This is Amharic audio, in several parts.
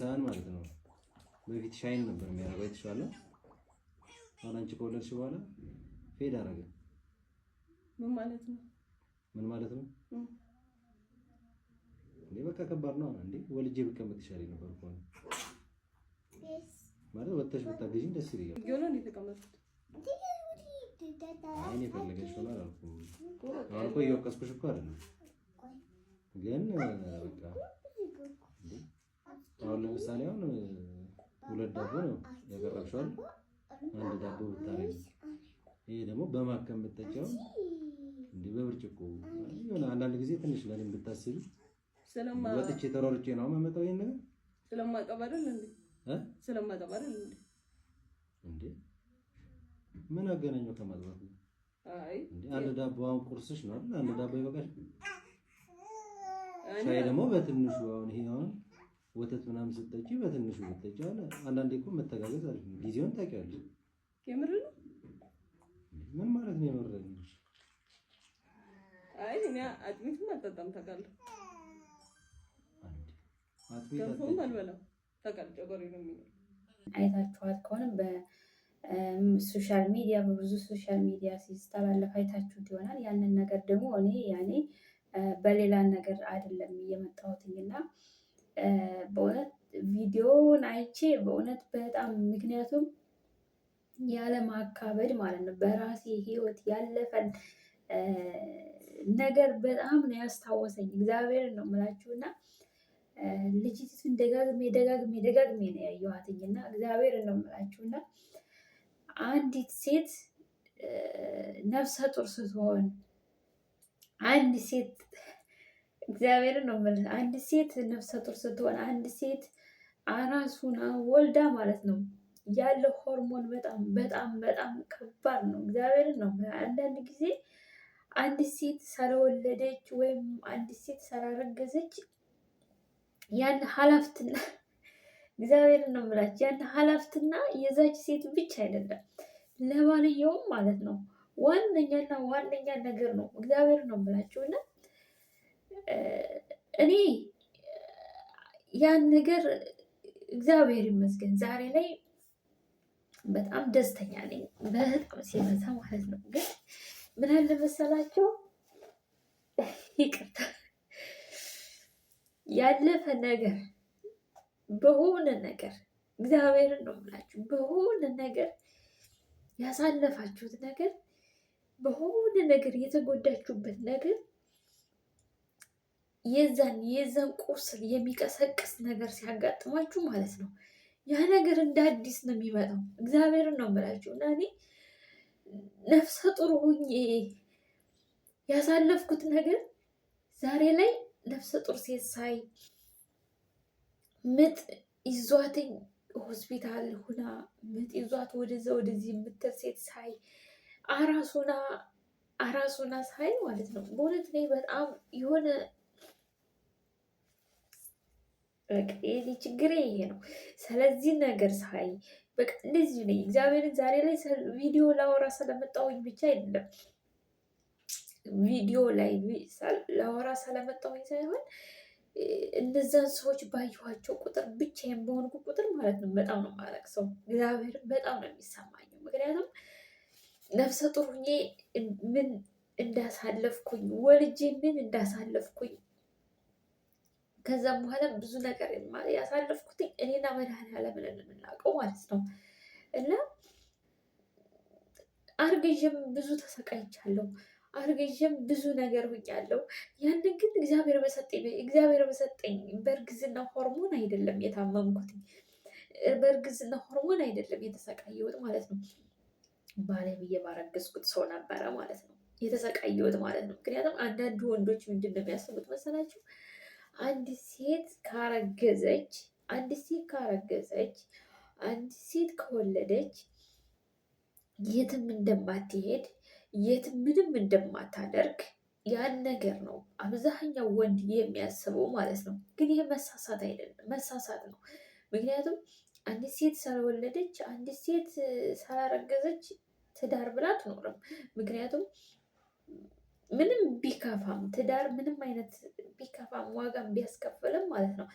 ሳህን ማለት ነው። በፊት ሻይን ነበር የሚያደርገው የተሻለ። አሁን አንቺ ከወለድሽ በኋላ ፌድ አረገ። ምን ማለት ነው? ምን ማለት ነው? እኔ በቃ ከባድ ነው እንዴ! ወልጄ ብቀመጥ ይሻለኝ ነበር እኮ ነው ማለት ወጥተሽ ብታገዥኝ ደስ ይለኛል። ይሆነ ነው የተቀመጥኩት። አይ እኔ ፈለገሽ ሆነ አላልኩም። አሁን እኮ እየወቀስኩሽ እኮ አይደለም ግን በቃ አሁን ለምሳሌ አሁን ሁለት ዳቦ ነው ያቀረብሽዋል፣ አንድ ዳቦ ብታረጊ፣ ይሄ ደግሞ በማከም ብትጠጪው እንዲህ በብርጭቆ የሆነ አንዳንድ ጊዜ ትንሽ ለኔም ብታስቢ ስለማ ወጥቼ ተሯርጬ ነው የማመጣው ይሄን ነገር ስለማቀበረል እንዴ እ ስለማቀበረል እንዴ ምን አገናኘው ከማጥባት ነው? አይ እንዴ አንድ ዳቦ አሁን ቁርስሽ ነው አይደል? አንድ ዳቦ ይበቃሽ። ሻይ ደግሞ በትንሹ አሁን ይሄ አሁን ወተት ምናምን ስትጠጪ በትንሹ ብትጠጪ አለ። አንዳንዴ እኮ መተጋገዝ አሪፍ ነው። ጊዜውን ታውቂዋለሽ። የምር ነው። ምን ማለት ነው የምር ነው? አይ እኔ አጥሚትም አልጠጣም ታውቃለህ። አይታችኋት ከሆነ በሶሻል ሚዲያ በብዙ ሶሻል ሚዲያ ሲስተላለፍ አይታችሁት ይሆናል። ያንን ነገር ደግሞ እኔ ያኔ በሌላ ነገር አይደለም እየመጣሁትኝና በእውነት ቪዲዮውን አይቼ በእውነት በጣም ምክንያቱም ያለማካበድ ማለት ነው በራሴ ህይወት ያለፈን ነገር በጣም ነው ያስታወሰኝ። እግዚአብሔርን ነው የምላችሁና ልጅቱን ደጋግሜ ደጋግሜ ደጋግሜ ነው ያየኋትኝ እና እግዚአብሔር ነው የምላችሁና አንዲት ሴት ነፍሰ ጡር ስትሆን አንድ ሴት እግዚአብሔርን ነው የምልህ። አንድ ሴት ነፍሰ ጡር ስትሆን አንድ ሴት አራሱና ወልዳ ማለት ነው ያለ ሆርሞን በጣም በጣም በጣም ከባድ ነው። እግዚአብሔርን ነው አንዳንድ ጊዜ አንድ ሴት ሳልወለደች ወይም አንድ ሴት ሳላረገዘች ያን ሀላፍትና እግዚአብሔርን ነው ምላች። ያን ሀላፍትና የዛች ሴት ብቻ አይደለም ለባልየውም ማለት ነው ዋነኛና ዋነኛ ነገር ነው። እግዚአብሔርን ነው የምላችሁ እና እኔ ያን ነገር እግዚአብሔር ይመስገን ዛሬ ላይ በጣም ደስተኛ ነኝ። በጣም ሲበዛ ማለት ነው። ግን ምን አለ መሰላቸው ይቅርታ ያለፈ ነገር በሆነ ነገር እግዚአብሔርን ነው የምላችሁ። በሆነ ነገር ያሳለፋችሁት ነገር በሆነ ነገር የተጎዳችሁበት ነገር የዛን የዛን ቁስል የሚቀሰቅስ ነገር ሲያጋጥማችሁ ማለት ነው ያ ነገር እንደ አዲስ ነው የሚመጣው። እግዚአብሔርን ነው የምላችሁ እና እኔ ነፍሰ ጡር ሁኜ ያሳለፍኩት ነገር ዛሬ ላይ ነፍሰ ጡር ሴት ሳይ ምጥ ይዟትኝ ሆስፒታል ሁና ምጥ ይዟት ወደዛ ወደዚህ የምትል ሴት ሳይ አራሱና አራሱና ሳይ ማለት ነው በእውነት እኔ በጣም የሆነ በቃ የኔ ችግሬ ይሄ ነው። ስለዚህ ነገር ሳይ በቃ እንደዚህ ነኝ። እግዚአብሔርን ዛሬ ላይ ቪዲዮ ላወራ ስለመጣሁኝ ብቻ አይደለም ቪዲዮ ላይ ላወራ ስለመጣሁኝ ሳይሆን እነዛን ሰዎች ባየኋቸው ቁጥር ብቻዬን በሆንኩ ቁጥር ማለት ነው በጣም ነው የማለቅሰው። እግዚአብሔር በጣም ነው የሚሰማኝ። ምክንያቱም ነፍሰ ጡር ሁኜ ምን እንዳሳለፍኩኝ ወልጄ ምን እንዳሳለፍኩኝ ከዛም በኋላ ብዙ ነገር ያሳለፍኩት እኔና መድኃኒዓለም ነን የምናውቀው ማለት ነው። እና አርግዤም ብዙ ተሰቃይቻለሁ። አርግዤም ብዙ ነገር ሁኛለሁ። ያንን ግን እግዚአብሔር በሰጠኝ እግዚአብሔር በሰጠኝ በእርግዝና ሆርሞን አይደለም የታመምኩት፣ በእርግዝና ሆርሞን አይደለም የተሰቃየሁት ማለት ነው። ባለ ብዬ ባረገዝኩት ሰው ነበረ ማለት ነው የተሰቃየሁት ማለት ነው። ምክንያቱም አንዳንዱ ወንዶች ምንድን ነው የሚያስቡት መሰላችሁ አንዲት ሴት ካረገዘች አንዲት ሴት ካረገዘች አንዲት ሴት ከወለደች የትም እንደማትሄድ የትም ምንም እንደማታደርግ ያን ነገር ነው አብዛኛው ወንድ የሚያስበው ማለት ነው። ግን ይሄ መሳሳት አይደለም፣ መሳሳት ነው። ምክንያቱም አንዲት ሴት ሳልወለደች አንዲት ሴት ሳላረገዘች ትዳር ብላ አትኖርም። ምክንያቱም ምንም ቢከፋም ትዳር ምንም አይነት ቢከፋም ዋጋም ቢያስከፍልም ማለት ነው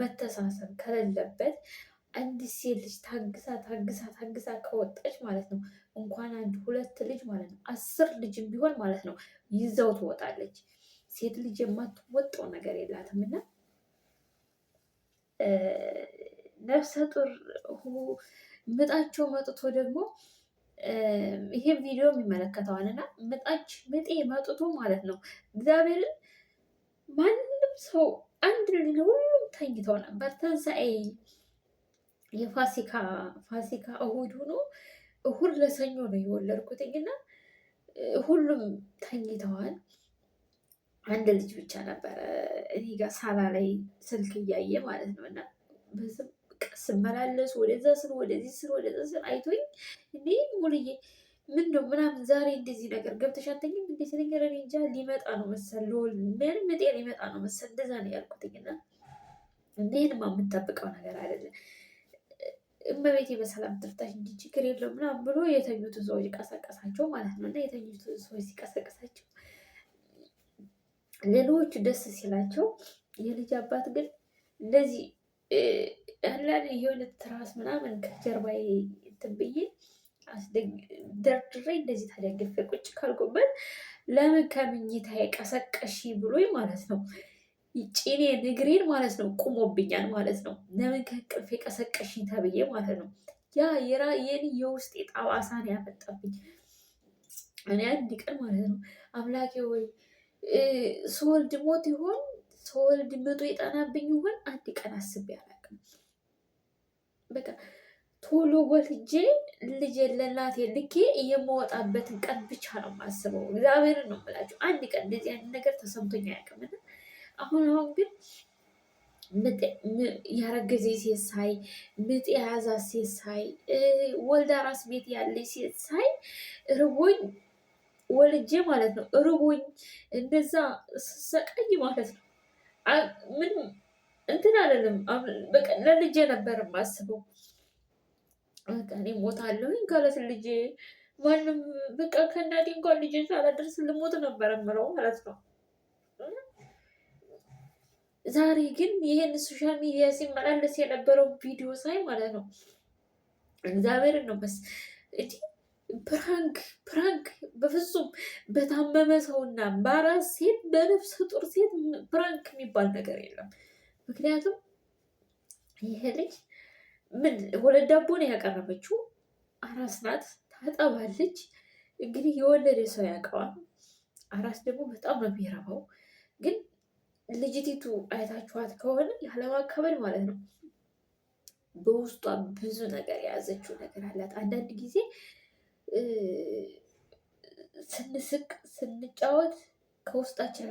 መተሳሰብ ከሌለበት አንዲት ሴት ልጅ ታግሳ ታግሳ ታግሳ ከወጣች ማለት ነው እንኳን አንድ ሁለት ልጅ ማለት ነው አስር ልጅም ቢሆን ማለት ነው ይዛው ትወጣለች። ሴት ልጅ የማትወጣው ነገር የላትም እና ነፍሰ ጡር ምጣቸው መጥቶ ደግሞ ይሄ ቪዲዮም ይመለከተዋል እና ምጣች ምጤ መጥቶ ማለት ነው እግዚአብሔርን ማንም ሰው አንድ ሁሉም ተኝተው ነበር። ትንሣኤ የፋሲካ ፋሲካ እሁድ ሆኖ እሁድ ለሰኞ ነው የወለድኩትኝ እና ሁሉም ተኝተዋል። አንድ ልጅ ብቻ ነበረ እኔ ጋር ሳላ ላይ ስልክ እያየ ማለት ነው እና በቃ ስመላለስ ወደዛ ስር ወደዚህ ስር ወደዛ ስል አይቶኝ እንዴ ሙሉዬ ምን ነው ምናምን ዛሬ እንደዚህ ነገር ገብተሽ አተኝም እንዴ ሲለኝ እኔ እንጃ ሊመጣ ነው መሰል ልውል ምንም ምጤ ሊመጣ ነው መሰል እንደዛ ነው ያልኩትኝና እንዴንማ የምጠብቀው ነገር አይደለም። እመቤቴ በሰላም ትፍታሽ እንጂ ችግር የለው ምናምን ብሎ የተኙትን ሰዎች ቀሰቀሳቸው ማለት ነው። እና የተኙትን ሰዎች ሲቀሰቀሳቸው ሌሎቹ ደስ ሲላቸው የልጅ አባት ግን እንደዚህ ያለን የሆነ ትራስ ምናምን ከጀርባዬ እንትን ብዬ ደርድሬ እንደዚህ ተደግፌ ቁጭ ካልኩበት ለምን ከምኝታ የቀሰቀሺ ብሎኝ ማለት ነው። ጭኔ ንግሬን ማለት ነው ቁሞብኛል ማለት ነው። ለምን ከቅልፍ ቀሰቀሽ ተብዬ ማለት ነው። ያ የራ የኔ የውስጤ ጣባሳ ነው ያመጣብኝ። እኔ አንድ ቀን ማለት ነው አምላኬ ወይ ስወልድ ሞት ይሆን ስወልድ ምጡ የጠናብኝ ይሆን አንድ ቀን አስቤ አላውቅም። በቃ ቶሎ ወልጄ ልጄ ለእናቴ ልኬ የማወጣበትን ቀን ብቻ ነው የማስበው። እግዚአብሔርን ነው የምላችሁ። አንድ ቀን እንደዚህ አይነት ነገር ተሰምቶኝ አያውቅምና አሁን አሁን ግን ያረገዜ ሴት ሳይ፣ ምጥ የያዛ ሴት ሳይ፣ ወልዳ ራስ ቤት ያለች ሴት ሳይ ርቦኝ ወልጄ ማለት ነው ርቦኝ እንደዛ ስሰቃይ ማለት ነው ምን እንትን አለንም በቃ ለልጄ ነበር የማስበው። በቃ እኔ ሞታለሁኝ ካለት ልጄ ማንም በቃ ከእናቴ እንኳን ልጄ ሳላደርስ ልሞት ነበር የምለው ማለት ነው። ዛሬ ግን ይህን ሶሻል ሚዲያ ሲመላለስ የነበረው ቪዲዮ ሳይ ማለት ነው እግዚአብሔርን ነው መስ ፕራንክ ፕራንክ በፍጹም በታመመ ሰውና በአራስ ሴት በነፍሰ ጡር ሴት ፕራንክ የሚባል ነገር የለም። ምክንያቱም ይሄ ልጅ ምን ወለድ ዳቦ ነው ያቀረበችው፣ አራስ ናት፣ ታጠባለች። እንግዲህ የወለደ ሰው ያውቀዋል። አራስ ደግሞ በጣም ነው የሚረባው። ግን ልጅቲቱ አይታችኋት ከሆነ ያለማከበል ማለት ነው በውስጧ ብዙ ነገር የያዘችው ነገር አላት። አንዳንድ ጊዜ ስንስቅ ስንጫወት ከውስጣችን